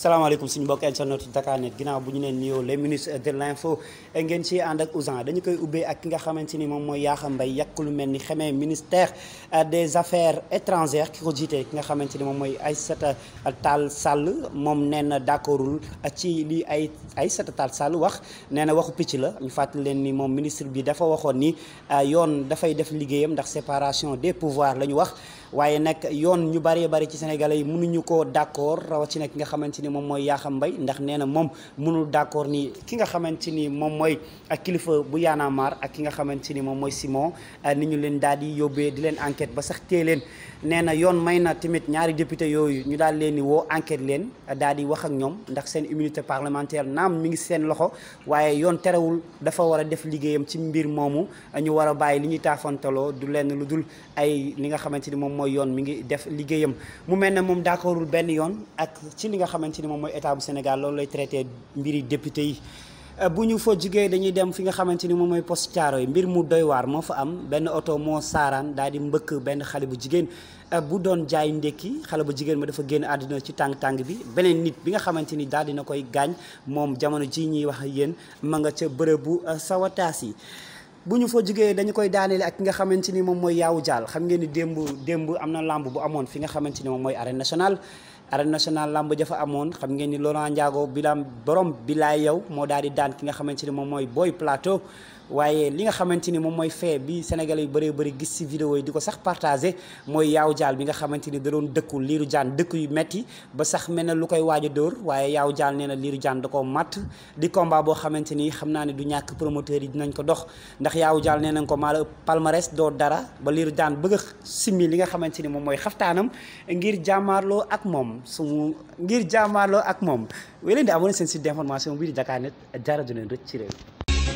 salaamaaleykum suñu mbokk internet Dakar Net ginnaaw bu ñu leen nuyoo les ministres de l'info ngeen ci ànd ak Ousan dañu koy ubbee ak ki nga xamante ni moom mooy Yakham Mbaye yàq lu mel ni xamee ministère euh, des affaires étrangères ki ko jiitee ki nga xamante ni moom mooy Aïssata Tall Sall moom nee na d'accordul ci li ay Aïssata Tall Sall wax nee na waxu picc la ñu fàttali leen ni moom ministre bi dafa waxoon ni euh, yoon dafay def liggéeyam ndax séparation des pouvoirs la ñu wax waaye nag yoon ñu bëree bëri ci sénégalais yi mënuñu koo d'accord rawatina ki nga xamante ni ni moom mooy Yakham Mbaye ndax nee na moom mënul d'accord ni ki nga xamante ni moom mooy ak kilifa bu Y'en a ak ki nga xamante ni moom mooy Simon euh, ni ñu leen daal di yóbbee di leen enquête ba sax tee leen nee na yoon may na tamit ñaari député yooyu ñu daal leen di woo enquête leen euh, daal di wax ak ñoom ndax seen immunité parlementaire naam mi ngi seen loxo waaye yoon terewul dafa war a def liggéeyam ci mbir moomu euh, ñu war a bàyyi li ñuy taafantaloo du lenn lu dul ay li nga xamante ni moom mooy yoon mi ngi def liggéeyam xamante ni moom mooy état bu Sénégal loolu lay traité mbiri député yi euh, bu ñu fa jugee dañuy dem fi nga xamante ni moom mooy poste caaro yi mbir mu doy waar fa am benn oto moo saaraan daal di mbëkk benn xale bu jigéen euh, bu doon jaay ndékki xale bu jigéen ma dafa génn àddina ci tàng-tàng bi beneen nit bi nga xamante ni daal dina koy gaañ moom jamono ji ñuy wax yéen ma nga ca bërëbu euh, sawataas yi bu ñu fa jugee dañu koy daaneele ak nga xamante moom mooy yaawu jaal xam ngeen ni démb démb am na làmb bu amoon fi nga xamante ni moom mooy arène national arène nationale lamb jafa amoon xam ngeen ni Laurent Ndiago bilam borom bilaay yow moo daal di daan ki nga xamante ni moom mooy booy Plateau waaye li nga xamante ni moom mooy fee bi sénégalais yu bëree bëri gis si vidéo yi di ko sax partagé mooy yaaw jaal bi nga xamante ni da doon dëkkul liiru jaan dëkk yu metti ba sax mel na lu koy waaj dóor waaye yaaw jaal nee na liiru jaan da koo matt di combat boo xamante ni xam naa ne du ñàkk promoteur yi dinañ ko dox ndax yaaw jaal nee nañ ko maa la palmarès doo dara ba liiru jaan bëgg a simmi li nga xamante ni moom mooy xaftaanam ngir jàmmaarloo ak moom sumu ngir jàmmaarloo ak moom wéy leen di amoon seen site d'information bii di Dakarnet dara du leen rëcc ci réew